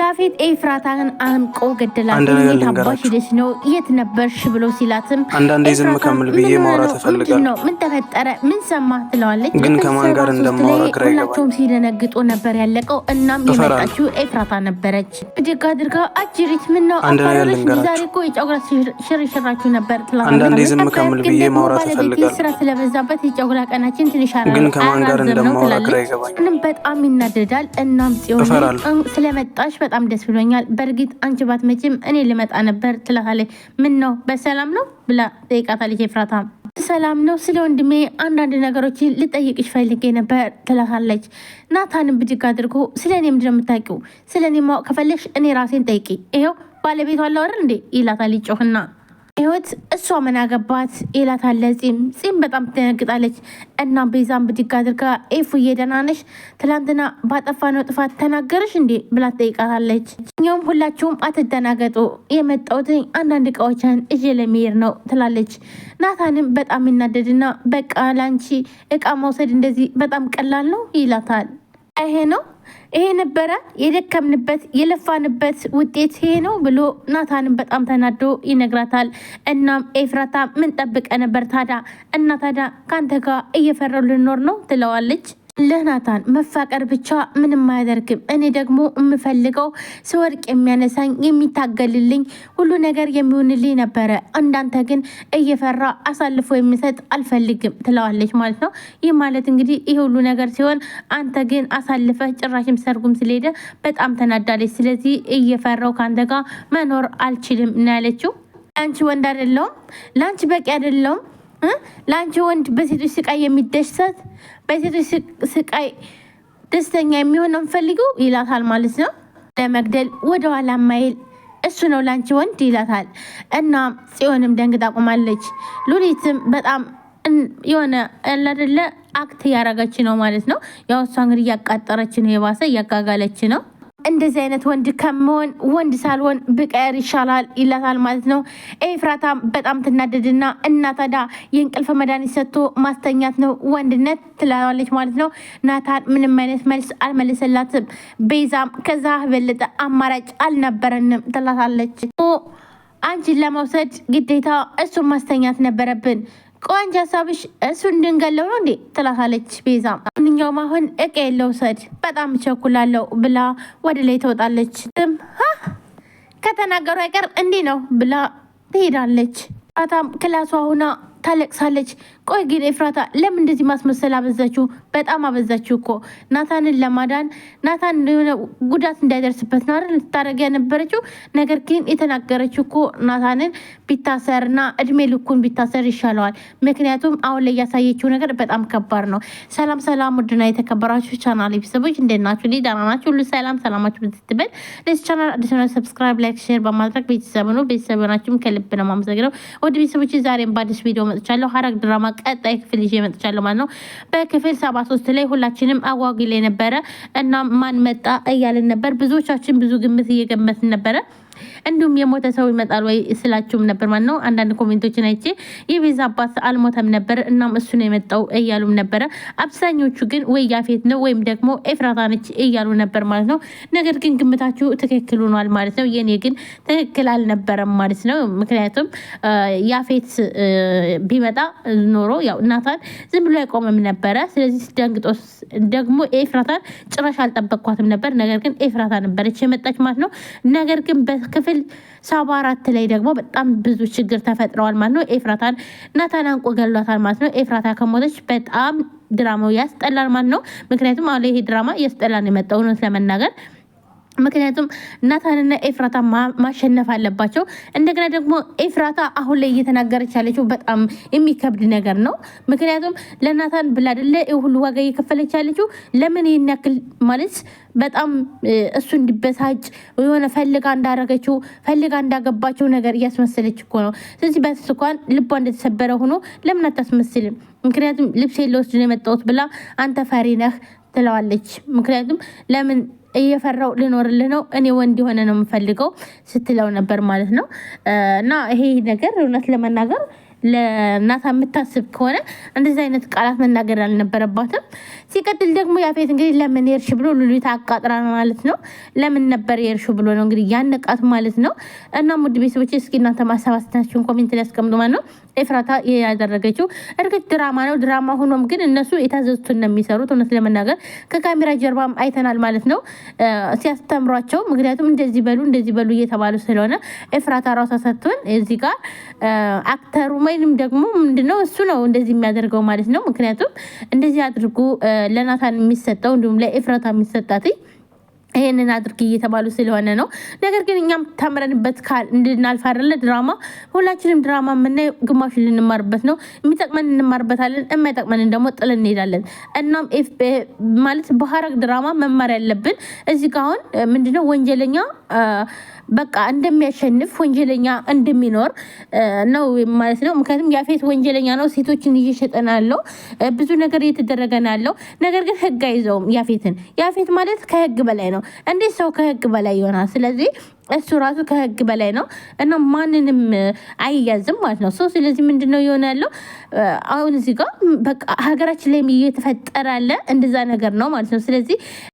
ያፌት ኤፍራታን አንቆ ገደላት። የት አባሽ ሄደሽ ነው? የት ነበርሽ ብሎ ሲላትም አንዳንዴ ዝም ከምል ብዬ ማውራት እፈልጋለሁ። ምን ተፈጠረ? ምን ሰማ? ትለዋለች። ግን ከማን ጋር እንደማውራ ግራ ይገባል። ሁላቸውም ሲደነግጡ ነበር ያለቀው። እናም የመጣችው ኤፍራታ ነበረች። ብድግ አድርጋ አጅሪት፣ ምን ነው አባረሽ? ዛሬ እኮ የጨጉራ ሽርሽራችሁ ነበር ትላለች። አንዳንዴ ዝም ከምል ብዬ ማውራት እፈልጋለሁ። ስራ ስለበዛበት የጨጉራ ቀናችን ትንሽ አራ ግን ከማን ጋር እንደማውራ ግራ ይገባል። በጣም ይናደዳል። እናም ጽዮን ስለመጣሽ በጣም ደስ ብሎኛል። በእርግጥ አንቺ ባትመጪም እኔ ልመጣ ነበር ትላታለች። ምን ነው በሰላም ነው ብላ ጠይቃታለች። ፍራታ ሰላም ነው፣ ስለ ወንድሜ አንዳንድ ነገሮችን ልጠይቅሽ ፈልጌ ነበር ትላታለች። ናታንም ብድግ አድርጎ ስለ እኔ ምንድን ነው የምታውቂው? ስለ እኔ ማወቅ ከፈለሽ እኔ ራሴን ጠይቂ፣ ይኸው ባለቤቷ አለው አይደል እንዴ ይላታል ይጮህና ህይወት እሷ ምን አገባት ይላታል ፂም። ፂም በጣም ትደነግጣለች። እና ቤዛን ብድግ አድርጋ ኤፉዬ ደህና ነሽ? ትላንትና ባጠፋነው ጥፋት ተናገረሽ እንዴ ብላ ትጠይቃታለች። እኛውም ሁላችሁም አትደናገጡ፣ የመጣሁት አንዳንድ እቃዎችን እዤ ለመሄድ ነው ትላለች። ናታንም በጣም ይናደድና በቃ ላንቺ እቃ መውሰድ እንደዚህ በጣም ቀላል ነው ይላታል። ይሄ ነው ይሄ ነበረ የደከምንበት የለፋንበት ውጤት ይሄ ነው ብሎ ናታንም በጣም ተናዶ ይነግራታል። እናም ኤፍራታ ምን ጠብቀ ነበር ታዳ እና ታዳ ከአንተ ጋር እየፈረው ልኖር ነው ትለዋለች። ለናታን መፋቀር ብቻ ምንም አያደርግም። እኔ ደግሞ የምፈልገው ስወርቅ የሚያነሳኝ የሚታገልልኝ፣ ሁሉ ነገር የሚሆንልኝ ነበረ። እንዳንተ ግን እየፈራ አሳልፎ የሚሰጥ አልፈልግም ትለዋለች ማለት ነው። ይህ ማለት እንግዲህ ይህ ሁሉ ነገር ሲሆን አንተ ግን አሳልፈ ጭራሽም ሰርጉም ስለሄደ በጣም ተናዳለች። ስለዚህ እየፈራው ከአንተ ጋር መኖር አልችልም ነው ያለችው። አንቺ ወንድ አይደለውም ለአንቺ በቂ አይደለውም ለአንቺ ወንድ በሴቶች ስቃይ የሚደሰት በሴቶች ስቃይ ደስተኛ የሚሆን የምፈልገው ይላታል ማለት ነው። ለመግደል ወደኋላ ማይል እሱ ነው ለአንቺ ወንድ ይላታል። እና ጽዮንም ደንግጣ ቆማለች። ሉሊትም በጣም የሆነ ያላደለ አክት እያረገች ነው ማለት ነው። ያው እሷ እንግዲህ እያቃጠረች ነው፣ የባሰ እያጋጋለች ነው። እንደዚህ አይነት ወንድ ከመሆን ወንድ ሳልሆን ብቀር ይሻላል ይላታል ማለት ነው። ኤፍራታ በጣም ትናደድና እናታዳ የእንቅልፈ የእንቅልፍ መድኃኒት ሰጥቶ ማስተኛት ነው ወንድነት ትላለች ማለት ነው። ናታን ምንም አይነት መልስ አልመለሰላትም። ቤዛም ከዛ በለጠ አማራጭ አልነበረንም ትላታለች። አንቺን ለመውሰድ ግዴታ እሱን ማስተኛት ነበረብን ቆንጆ ሀሳብሽ እሱን እንድንገለው ነው እንዴ ትላታለች ቤዛ። ማንኛውም አሁን እቅ የለው ሰድ በጣም ቸኩላለው ብላ ወደ ላይ ትወጣለች። ትም ከተናገሩ አይቀር እንዲህ ነው ብላ ትሄዳለች። አታም ክላሷ ሁና ታለቅሳለች። ቆይ ግን ኤፍራታ ለምን እንደዚህ ማስመሰል አበዛችሁ? በጣም አበዛችሁ እኮ ናታንን ለማዳን ናታን የሆነ ጉዳት እንዳይደርስበት ነው አይደል ልታደረገ የነበረችው ነገር ግን የተናገረችው እኮ ናታንን ቢታሰርና እድሜ ልኩን ቢታሰር ይሻለዋል። ምክንያቱም አሁን ላይ እያሳየችው ነገር በጣም ከባድ ነው። ሰላም ሰላም፣ ውድና የተከበራችሁ ቻናል ቤተሰቦች እንዴት ናችሁ? ደህና ናችሁ? ሁሉ ሰላም ሰላማችሁ ብትትበል ለዚህ ቻናል አዲስ ሰብስክራይብ፣ ላይክ፣ ሼር በማድረግ ቤተሰብ ነው ቤተሰብ ናችሁም ከልብ ነው የማመሰግነው ወደ ቤተሰቦች ዛሬም በአዲስ ቪዲዮ መጥቻለሁ። ሐረግ ድራማ ቀጣይ ክፍል ይዤ መጥቻለሁ ማለት ነው። በክፍል ሰባ ሶስት ላይ ሁላችንም አጓጊ ላይ ነበረ እና ማን መጣ እያልን ነበር። ብዙዎቻችን ብዙ ግምት እየገመትን ነበረ። እንዲሁም የሞተ ሰው ይመጣል ወይ ስላችሁም ነበር ማለት ነው። አንዳንድ ኮሜንቶችን አይቼ የቤዛ አባት አልሞተም ነበር እናም እሱ ነው የመጣው እያሉም ነበረ። አብዛኞቹ ግን ወይ ያፌት ነው ወይም ደግሞ ኤፍራታ ነች እያሉ ነበር ማለት ነው። ነገር ግን ግምታችሁ ትክክል ሆኗል ማለት ነው። የኔ ግን ትክክል አልነበረም ማለት ነው። ምክንያቱም ያፌት ቢመጣ ኖሮ ያው እናታን ዝም ብሎ አይቆምም ነበረ። ስለዚህ ደንግጦስ ደግሞ ኤፍራታን ጭራሽ አልጠበቅኳትም ነበር። ነገር ግን ኤፍራታ ነበረች የመጣች ማለት ነው። ነገር ግን ክፍል ሰባ አራት ላይ ደግሞ በጣም ብዙ ችግር ተፈጥረዋል ማለት ነው። ኤፍራታን ናታን አንቆ ገሏታል ማለት ነው። ኤፍራታ ከሞተች በጣም ድራማው ያስጠላል ማለት ነው። ምክንያቱም አሁን ይሄ ድራማ እያስጠላ ነው የመጣው እውነት ለመናገር ምክንያቱም ናታንና ኤፍራታ ማሸነፍ አለባቸው። እንደገና ደግሞ ኤፍራታ አሁን ላይ እየተናገረች ያለችው በጣም የሚከብድ ነገር ነው። ምክንያቱም ለናታን ብላ አይደለ ሁሉ ዋጋ እየከፈለች ያለችው። ለምን ይህን ያክል ማለት በጣም እሱ እንዲበሳጭ የሆነ ፈልጋ እንዳረገችው ፈልጋ እንዳገባቸው ነገር እያስመሰለች እኮ ነው። ስለዚህ በስ ልቧ እንደተሰበረ ሆኖ ለምን አታስመስልም? ምክንያቱም ልብሴ ለወስድ ነው የመጣሁት ብላ አንተ ፈሪ ነህ ትለዋለች። ምክንያቱም ለምን እየፈራው ልኖርልህ ነው እኔ ወንድ የሆነ ነው የምፈልገው ስትለው ነበር ማለት ነው። እና ይሄ ነገር እውነት ለመናገር ለእናታ የምታስብ ከሆነ እንደዚህ አይነት ቃላት መናገር አልነበረባትም። ሲቀጥል ደግሞ ያፌት እንግዲህ ለምን የርሽ ብሎ ሉሊት አቃጥራ ማለት ነው። ለምን ነበር የርሹ ብሎ ነው እንግዲህ ያነቃት ማለት ነው። እና ሙድ ቤተሰቦች እስኪ እናንተ ማሰባሰታችሁን ኮሜንት ላይ ያስቀምጡ ማለት ነው። ኤፍራታ ያደረገችው እርግጥ ድራማ ነው። ድራማ ሆኖም ግን እነሱ የታዘዙትን ነው የሚሰሩት። እውነት ለመናገር ከካሜራ ጀርባም አይተናል ማለት ነው ሲያስተምሯቸው። ምክንያቱም እንደዚህ በሉ እንደዚህ በሉ እየተባሉ ስለሆነ ኤፍራታ ራሷ ሰጥቶን እዚህ ጋር አክተሩ ወይም ደግሞ ምንድነው እሱ ነው እንደዚህ የሚያደርገው ማለት ነው። ምክንያቱም እንደዚህ አድርጉ ለናታን የሚሰጠው እንዲሁም ለኤፍራታ የሚሰጣትኝ ይህንን አድርግ እየተባሉ ስለሆነ ነው። ነገር ግን እኛም ተምረንበት ካል እንድናልፍ አይደለ ድራማ፣ ሁላችንም ድራማ የምናየው ግማሽ ልንማርበት ነው። የሚጠቅመን እንማርበታለን፣ የማይጠቅመንን ደግሞ ጥል እንሄዳለን። እናም ማለት በሀረግ ድራማ መማር ያለብን እዚህ ጋ አሁን ምንድነው ወንጀለኛ በቃ እንደሚያሸንፍ ወንጀለኛ እንደሚኖር ነው ማለት ነው። ምክንያቱም ያፌት ወንጀለኛ ነው፣ ሴቶችን እየሸጠናለው ብዙ ነገር እየተደረገናለው። ነገር ግን ህግ አይዘውም ያፌትን። ያፌት ማለት ከህግ በላይ ነው። እንዴት ሰው ከህግ በላይ ይሆናል? ስለዚህ እሱ ራሱ ከህግ በላይ ነው እና ማንንም አይያዝም ማለት ነው ሰው። ስለዚህ ምንድነው የሆነ ያለው አሁን እዚህ ጋር በቃ ሀገራችን ላይ እየተፈጠራለ እንደዛ ነገር ነው ማለት ነው። ስለዚህ